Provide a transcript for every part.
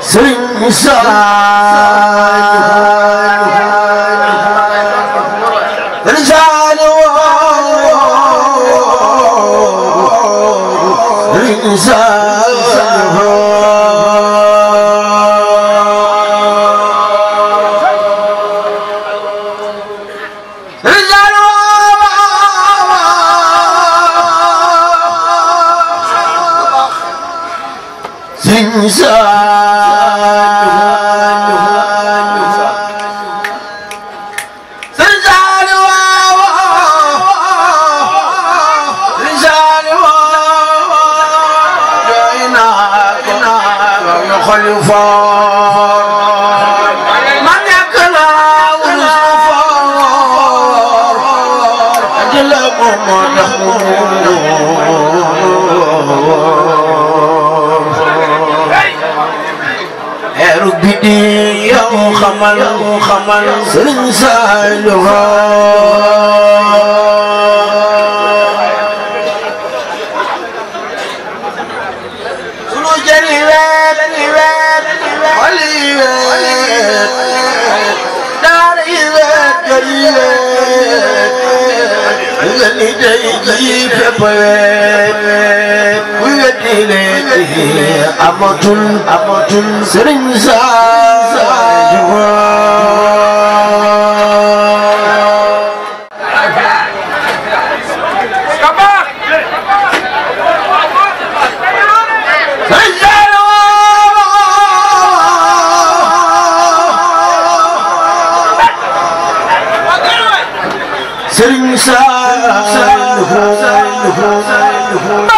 Sering Sah Rizal خلفاء moo xamal moo xamal sëriñ Saaliu sunu jëri weet ni weet wali weet daara yi weet jëri weet nga ni day ji fépp weet ku wet ni leeti amatul amatul sëriñ Saaliu الإنسان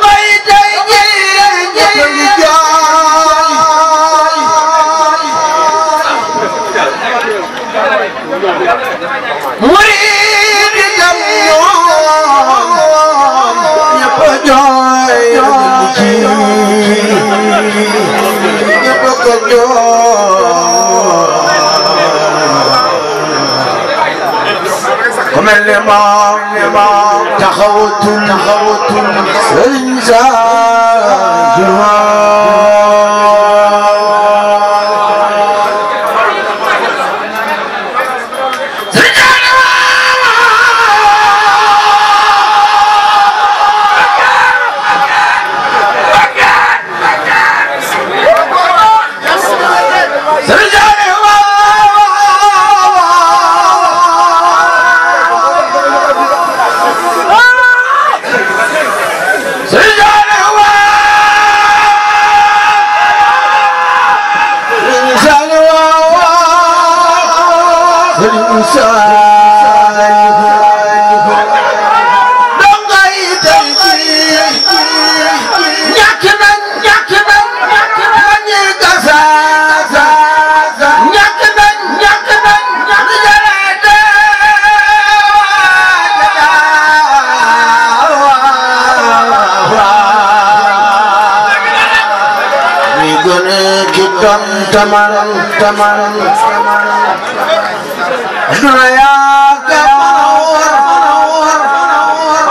na limaam limaam taxawatul taxawatul sëriñ saa gone ki doon tamaran tamaran duna yaaka war war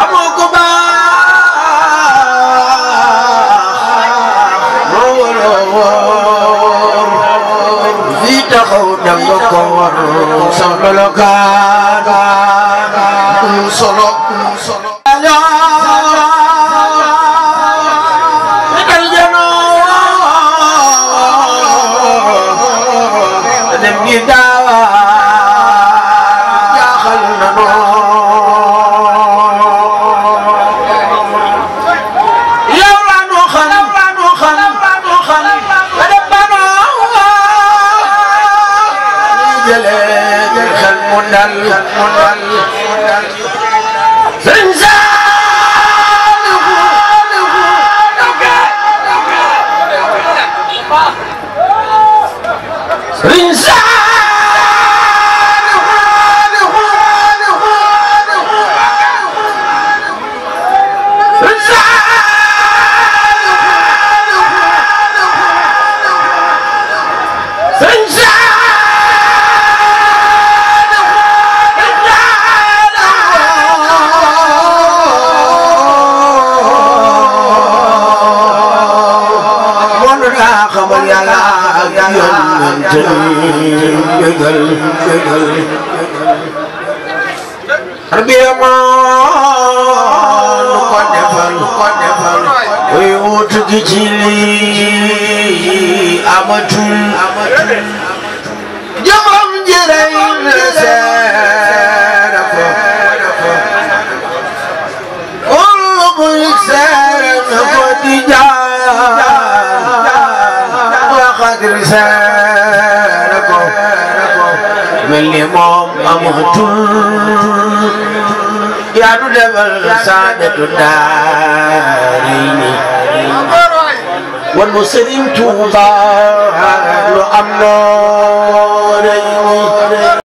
amoo ko baax moo waroo war fii taxaw danga ko war solo dal yëgal yëgal rabbi amaan lu ko defal lu ko defal way wut gi ci lii amatul amatul jëmam jërëy na seera ko kullu muy seera na ko di jaar wa xadir seera li moom amatul yaa du defal saadatu daarayni wan mu Sëriñ Tuuba lu am noonu